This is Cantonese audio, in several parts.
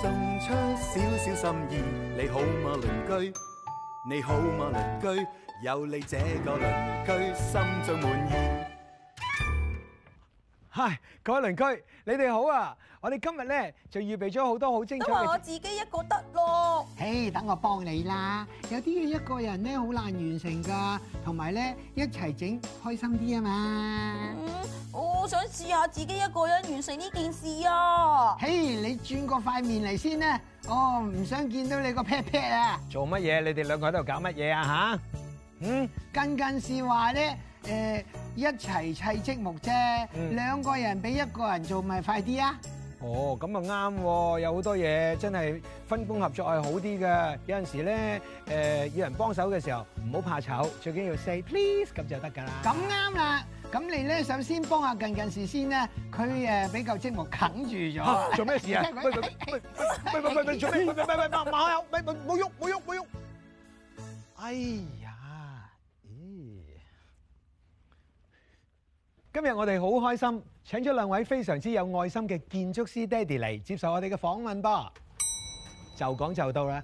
送出少少心意，你好嗎鄰居？你好嗎鄰居？有你這個鄰居，心中滿意。嗨，各位鄰居，你哋好啊！我哋今日咧就預備咗好多好精彩。都係我自己一個得咯。嘿，hey，等我幫你啦。有啲嘢一個人咧好難完成噶，同埋咧一齊整開心啲啊嘛。嗯想試下自己一個人完成呢件事啊！嘿，你轉個塊面嚟先啦！哦，唔想見到你個 pat pat 啊！做乜嘢？你哋兩個人喺度搞乜嘢啊？吓？嗯，僅僅是話咧，誒，一齊砌積木啫。兩個人比一個人做咪快啲啊？哦，咁啊啱，有好多嘢真係分工合作係好啲嘅。有陣時咧，誒，要人幫手嘅時候，唔好怕醜，最緊要 say please 咁就得噶啦。咁啱啦。咁你咧，首先幫下近近事先咧，佢誒俾嚿積木啃住咗。做咩事啊？喂喂喂喂，喂喂喂喂，喂，冇喐，冇喐，冇喐。哎呀！咦！哎 main. 今日我哋好開心，請咗兩位非常之有愛心嘅建築師爹哋嚟接受我哋嘅訪問噃。就講就到啦。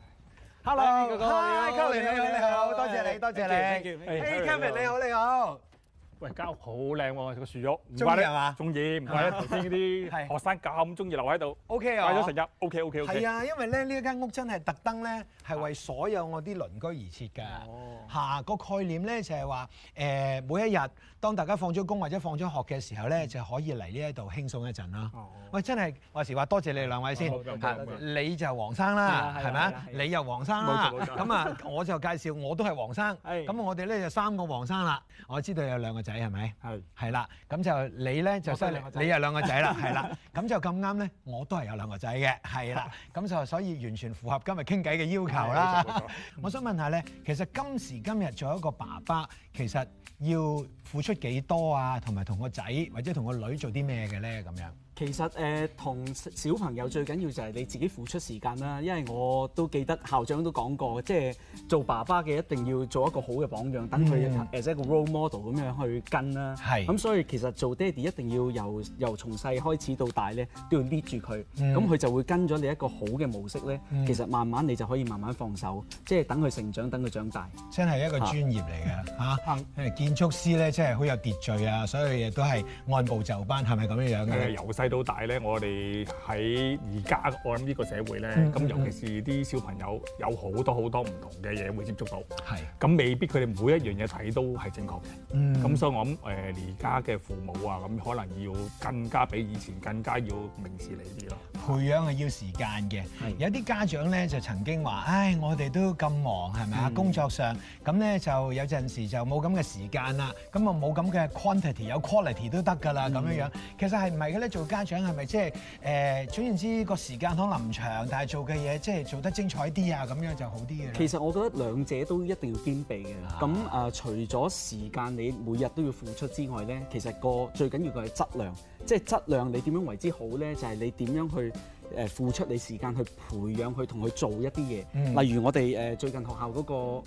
Hello，嗨，Kevin，你好，你好，多謝你, né, 你，多謝你。Hey，Kevin，你好，你好、hey,。喂，間屋好靚喎，個樹屋，唔怪你係嘛？中意，唔怪得，頭先嗰啲係學生咁中意留喺度。O K 啊，買咗成日。O K O K O K。係啊，因為咧呢一間屋真係特登咧係為所有我啲鄰居而設㗎。哦。下個概念咧就係話誒每一日當大家放咗工或者放咗學嘅時候咧就可以嚟呢一度輕鬆一陣啦。哦。喂，真係話時話多謝你哋兩位先。好，唔該。嚇，你就黃生啦，係咪啊？你又黃生啦。冇錯冇錯。咁啊，我就介紹我都係黃生。係。咁我哋咧就三個黃生啦。我知道有兩個。仔係咪？係係啦，咁就你咧就生兩個仔 你有兩個仔啦，係啦，咁 就咁啱咧，我都係有兩個仔嘅，係啦，咁就所以完全符合今日傾偈嘅要求啦。 我想問下咧，其實今時今日做一個爸爸，其實要付出幾多啊？同埋同個仔或者同個女做啲咩嘅咧？咁樣。其實誒同小朋友最緊要就係你自己付出時間啦，因為我都記得校長都講過，即係做爸爸嘅一定要做一個好嘅榜樣，等佢誒一個 role model 咁樣去跟啦。係。咁所以其實做爹哋一定要由由從細開始到大咧都要搣住佢，咁佢就會跟咗你一個好嘅模式咧。其實慢慢你就可以慢慢放手，即係等佢成長，等佢長大。真係一個專業嚟嘅嚇，誒建築師咧真係好有秩序啊，所有嘢都係按部就班，係咪咁樣樣嘅？誒由細。到大咧，我哋喺而家，我諗呢個社會咧，咁、嗯、尤其是啲小朋友有好多好多唔同嘅嘢會接觸到，係咁未必佢哋每一樣嘢睇都係正確嘅，咁、嗯、所以我諗誒而家嘅父母啊，咁可能要更加比以前更加要明事理啲咯。培養係要時間嘅、嗯，有啲家長咧就曾經話唉，我哋都咁忙係咪啊？工作上咁咧，就有陣時就冇咁嘅時間啦，咁啊冇咁嘅 quantity 有 quality 都得㗎啦，咁、嗯、樣樣其實係唔係嘅咧？做家家長係咪即係誒？總言之，個時間可能唔長，但係做嘅嘢即係做得精彩啲啊，咁樣就好啲嘅。其實我覺得兩者都一定要兼備嘅。咁誒、呃，除咗時間你每日都要付出之外咧，其實個最緊要嘅係質量。即係質量，你點樣為之好咧？就係你點樣去。誒付出你時間去培養佢同佢做一啲嘢，嗯，例如我哋誒最近學校，嗰個誒、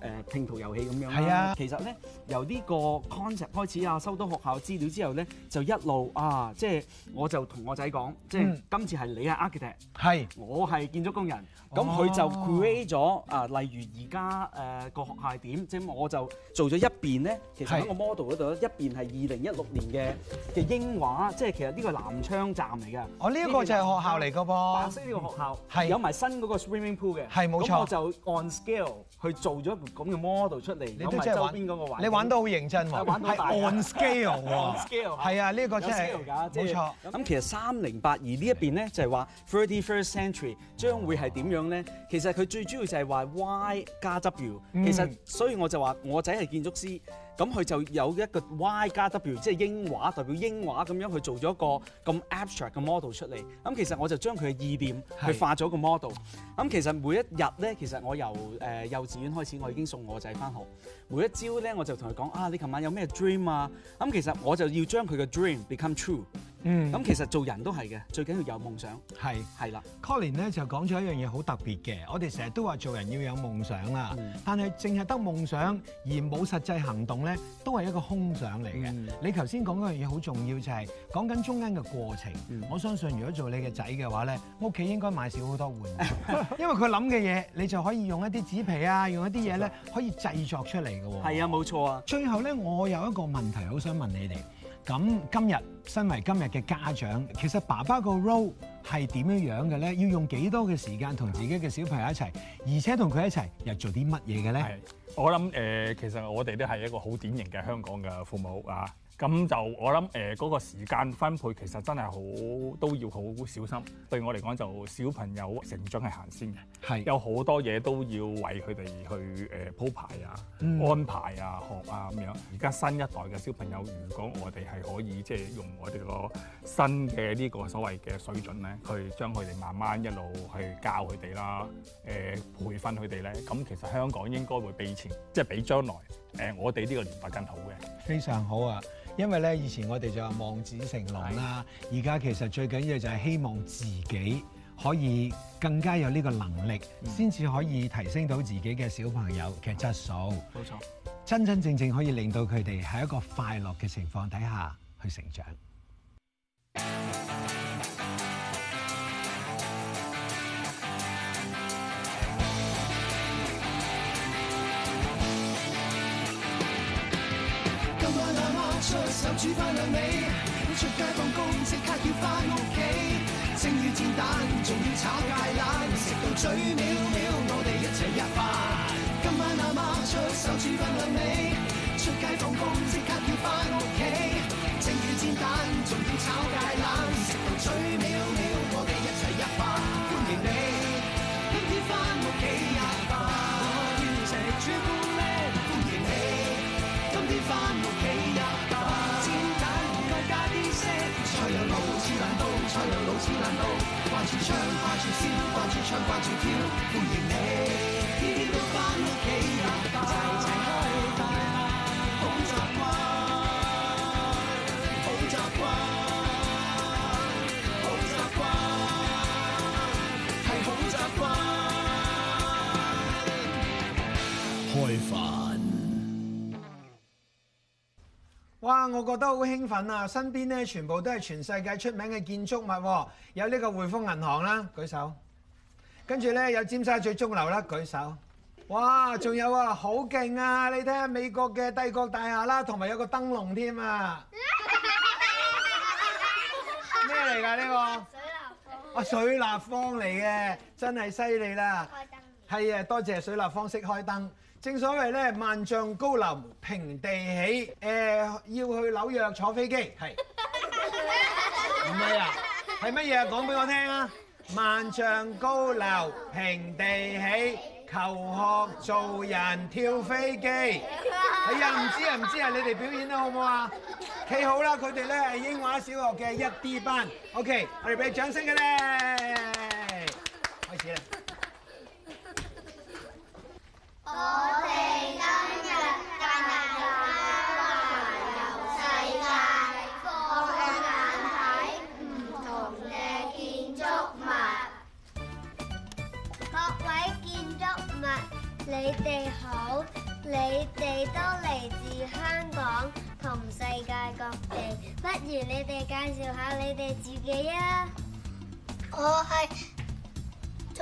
呃、拼圖遊戲咁樣啦，啊。其實咧由呢個 concept 開始啊，收到學校資料之後咧，就一路啊，即係我就同我仔講，嗯，即係今次係你係 architect，係我係建築工人。咁，哦、佢就 create 咗啊，例如而家，呃、個學校係點，即係我就做咗一邊咧，其實喺個 model 度咧，一邊係二零一六年嘅嘅英華，即係其實呢個南昌站嚟嘅。我呢一個就係學校嚟個噃，白色呢個學校係有埋新嗰個 swimming pool 嘅，係冇錯。我就 on scale 去做咗個咁嘅 model 出嚟，你有埋周邊嗰個玩。你玩得好認真喎，係 on scale 喎，係 啊，呢、啊呢個真係冇、就是、錯。咁其實三零八二呢一邊咧就係話 thirty first century 將會係點樣咧？其實佢最主要就係話 Y 加 W。其實所以我就話我仔係建築師。咁、嗯、佢就有一個 Y 加 W，即係英華代表英華咁樣去做咗一個咁 abstract 嘅 model 出嚟。咁、嗯、其實我就將佢嘅意念去化咗個 model。咁、嗯、其實每一日呢，其實我由、呃、幼稚園開始，我已經送我仔返學。每一朝呢，我就同佢講啊，你琴晚有咩 dream 啊？咁、嗯嗯、其實我就要將佢嘅 dream become true。嗯，咁其實做人都係嘅，最緊要有夢想。係係啦，Colin 咧就講咗一樣嘢好特別嘅，我哋成日都話做人要有夢想啦、嗯，但係淨係得夢想而冇實際行動咧，都係一個空想嚟嘅、嗯。你頭先講嗰樣嘢好重要，就係講緊中間嘅過程、嗯。我相信如果做你嘅仔嘅話咧，屋企應該買少好多玩具， 因為佢諗嘅嘢，你就可以用一啲紙皮啊，用一啲嘢咧可以製作出嚟嘅喎。係啊，冇錯啊。最後咧，我有一個問題好想問你哋。咁今日身為今日嘅家長，其實爸爸個 role 係點樣樣嘅咧？要用幾多嘅時間同自己嘅小朋友一齊，而且同佢一齊又做啲乜嘢嘅咧？係我諗，呃，其實我哋都係一個好典型嘅香港嘅父母啊！咁就我諗誒，嗰個時間分配其實真係好都要好小心。對我嚟講就小朋友成長係行先嘅，有好多嘢都要為佢哋去誒、呃、鋪排啊、嗯、安排啊、學啊咁樣。而家新一代嘅小朋友，如果我哋係可以即係、就是、用我哋個新嘅呢個所謂嘅水準咧，去將佢哋慢慢一路去教佢哋啦、誒、呃、培訓佢哋咧，咁其實香港應該會畀錢即係畀將來。呃、我哋呢個年代更好嘅，非常好啊！因為咧，以前我哋就話望子成龍啦，而家其實最緊要就係希望自己可以更加有呢個能力，先、嗯、至可以提升到自己嘅小朋友嘅質素。冇錯，真真正正可以令到佢哋喺一個快樂嘅情況底下去成長。煮飯兩味，出街放工即刻要翻屋企，正軟煎蛋，仲要炒芥蘭，食到嘴藐藐，我哋一齊入飯。今晚阿媽出手煮飯兩味，出街放工即刻要翻屋企，正軟煎蛋，仲要炒芥蘭，食到嘴藐藐，我哋一齊入飯。歡迎你，今天翻屋企入飯，要食煮飯呢，歡迎你，今天翻屋企。讓老子難倒，掛住唱，掛住笑，掛住唱，掛住跳，歡迎你，天天都返屋企。哇！我覺得好興奮啊！身邊咧全部都係全世界出名嘅建築物，有呢個匯豐銀行啦，舉手；跟住咧有尖沙咀鐘樓啦，舉手。哇！仲有啊，好勁啊！你睇下美國嘅帝國大廈啦，同埋有個燈籠添啊！咩嚟㗎呢個？水立方。啊，水立方嚟嘅，真係犀利啦！係啊，多謝水立方式開燈。正所謂咧，萬丈高樓平地起。誒，要去紐約坐飛機，係唔係啊？係乜嘢啊？講俾我聽啊！萬丈高樓平地起，求學做人跳飛機。哎呀，唔知啊，唔知啊，你哋表演啦，好唔好啊？企好啦，佢哋咧係英華小學嘅一 D 班。OK，我哋俾啲掌聲佢哋，開始啦。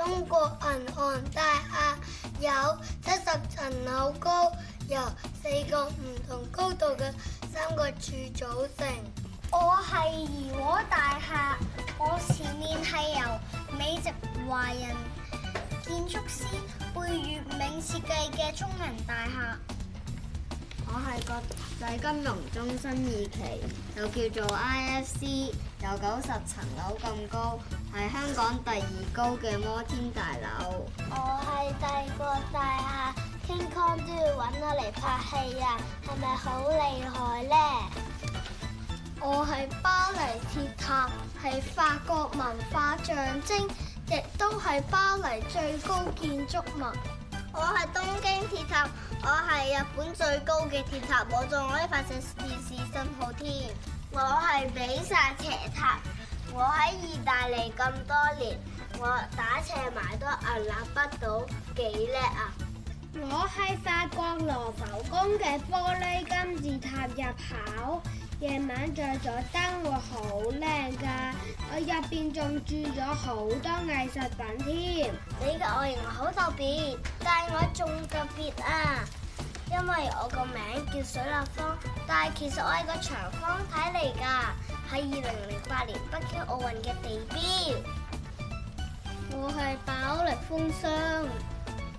中國銀行大廈有七十層樓高，由四個唔同高度嘅三角柱組成。我係怡和大廈，我前面係由美籍華人建築師貝聿銘設計嘅中銀大廈。我係國際金融中心二期，又叫做 IFC，有九十層樓咁高，係香港第二高嘅摩天大樓。我係帝國大廈，天光都要揾我嚟拍戲啊，係咪好厲害呢？我係巴黎鐵塔，係法國文化象徵，亦都係巴黎最高建築物。我係東京鐵塔，我係日本最高嘅鐵塔，我仲可以發射電視信號添。我係比薩斜塔，我喺意大利咁多年，我打斜埋都屹立不倒，幾叻啊！我係法國羅浮宮嘅玻璃金字塔入口。夜晚著咗燈會好靚噶，我入邊仲住咗好多藝術品添。你嘅外形好特別，但係我仲特別啊！因為我個名叫水立方，但係其實我係個長方體嚟噶，喺二零零八年北京奧運嘅地標。我係飽歷風霜，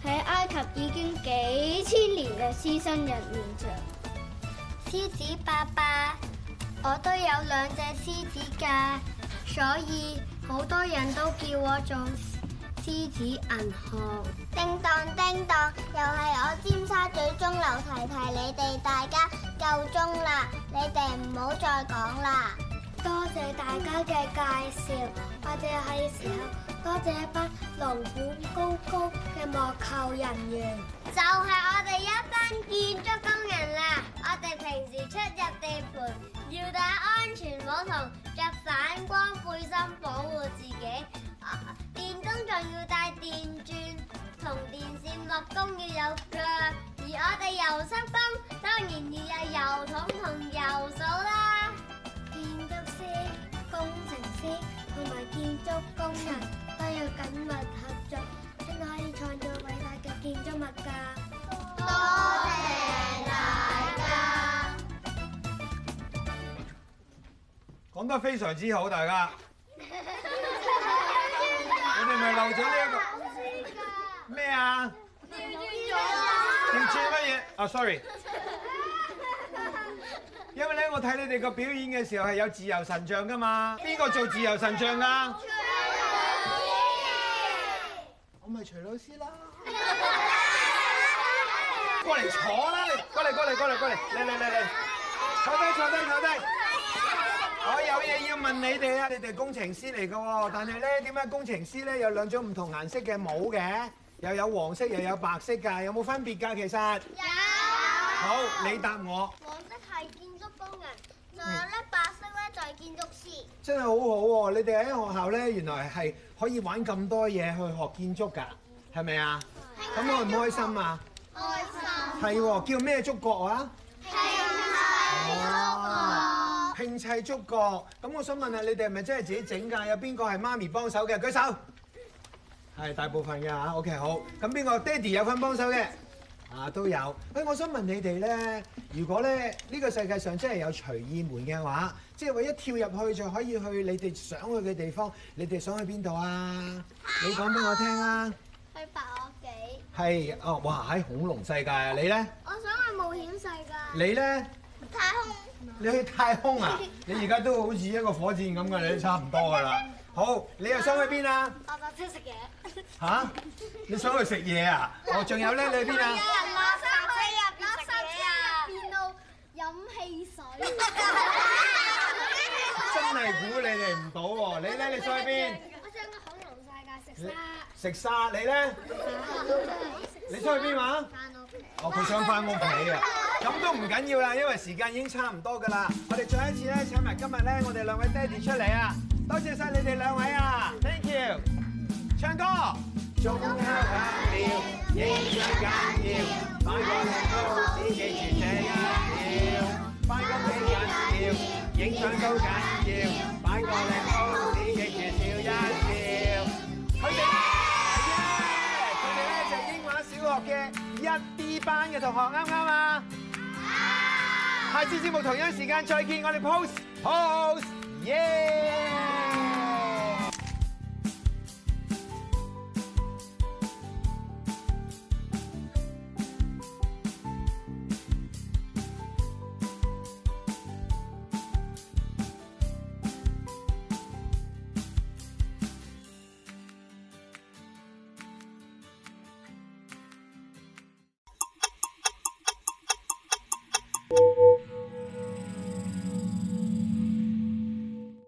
喺埃及已經幾千年嘅獅身人面像，獅子爸爸。我都有兩隻獅子嘅，所以好多人都叫我做獅子銀行。叮當叮當，又係我尖沙咀鐘樓提提你哋大家夠鐘啦！你哋唔好再講啦。多謝大家嘅介紹，我哋係時候，多謝一班勞苦高高嘅幕後人員，就係我哋一班建築工人啦。我哋平時出入地盤。要戴安全帽同着反光背心保護自己。啊，電工仲要帶電鑽同電線，木工要有鋸。而我哋油漆工當然要有油。都非常之好，大家。 你哋咪漏咗呢一個咩啊？吊住乜嘢？啊、oh，sorry。 因為咧，我睇你哋個表演嘅時候係有自由神像噶嘛，邊個做自由神像啊？徐 老師。我咪徐老師啦。過嚟坐啦，你，過嚟過嚟過嚟過嚟嚟嚟嚟嚟，坐低坐低坐低。我有嘢要問你哋啊！你哋工程師嚟噶，但係咧點解工程師咧有兩種唔同顏色嘅帽嘅？又有黃色又有白色噶，有冇分別噶？其實有。好，你答我。黃色係建築工人，仲有咧白色，咧就係建築師。真係好好喎！你哋喺學校咧，原來係可以玩咁多嘢去學建築噶，係咪啊？係。咁開唔開心啊？開心。係喎，叫咩竹角啊？聽日。興趣足覺咁，我想問下，你哋係咪真係自己整㗎？有邊個係媽咪幫手嘅？舉手，係大部分嘅嚇。OK，好。咁邊個爹地有份幫手嘅？啊，都有。餵、哎，我想問你哋咧，如果咧呢、呢個世界上真係有隨意門嘅話，即係一跳入去就可以去你哋想去嘅地方，你哋想去邊度啊？你講俾我聽啊。去白鵝頸。係哦，哇！喺恐龍世界啊，你咧？我想去冒險世界。你咧？太空。你去太空啊？你而家都好似一個火箭咁嘅，你都差唔多噶啦。好，你又想去邊啊？我想去食嘢。嚇？你想去食嘢啊？我仲有咧，你去邊啊？我想去入邊度飲汽水。真係估你哋唔到喎！你咧，你想去邊？我想去恐龍世界食沙。食沙，你咧？你想去邊嘛？哦，佢想翻屋企啊！咁都唔緊要啦，因為時間已經差唔多噶啦。我哋再一次咧請埋今日咧我哋兩位爹哋出嚟啊！多謝晒你哋兩位啊！Thank you。唱歌。都緊要，影相緊要，擺個靚 pose 記住笑一笑。翻工緊要，影相更緊要，擺個靚 pose 記住笑一笑。佢哋，佢哋咧就英華小學嘅一 D 班嘅同學，啱唔啱啊？下次節目同樣時間再見，我哋 pose pose，耶！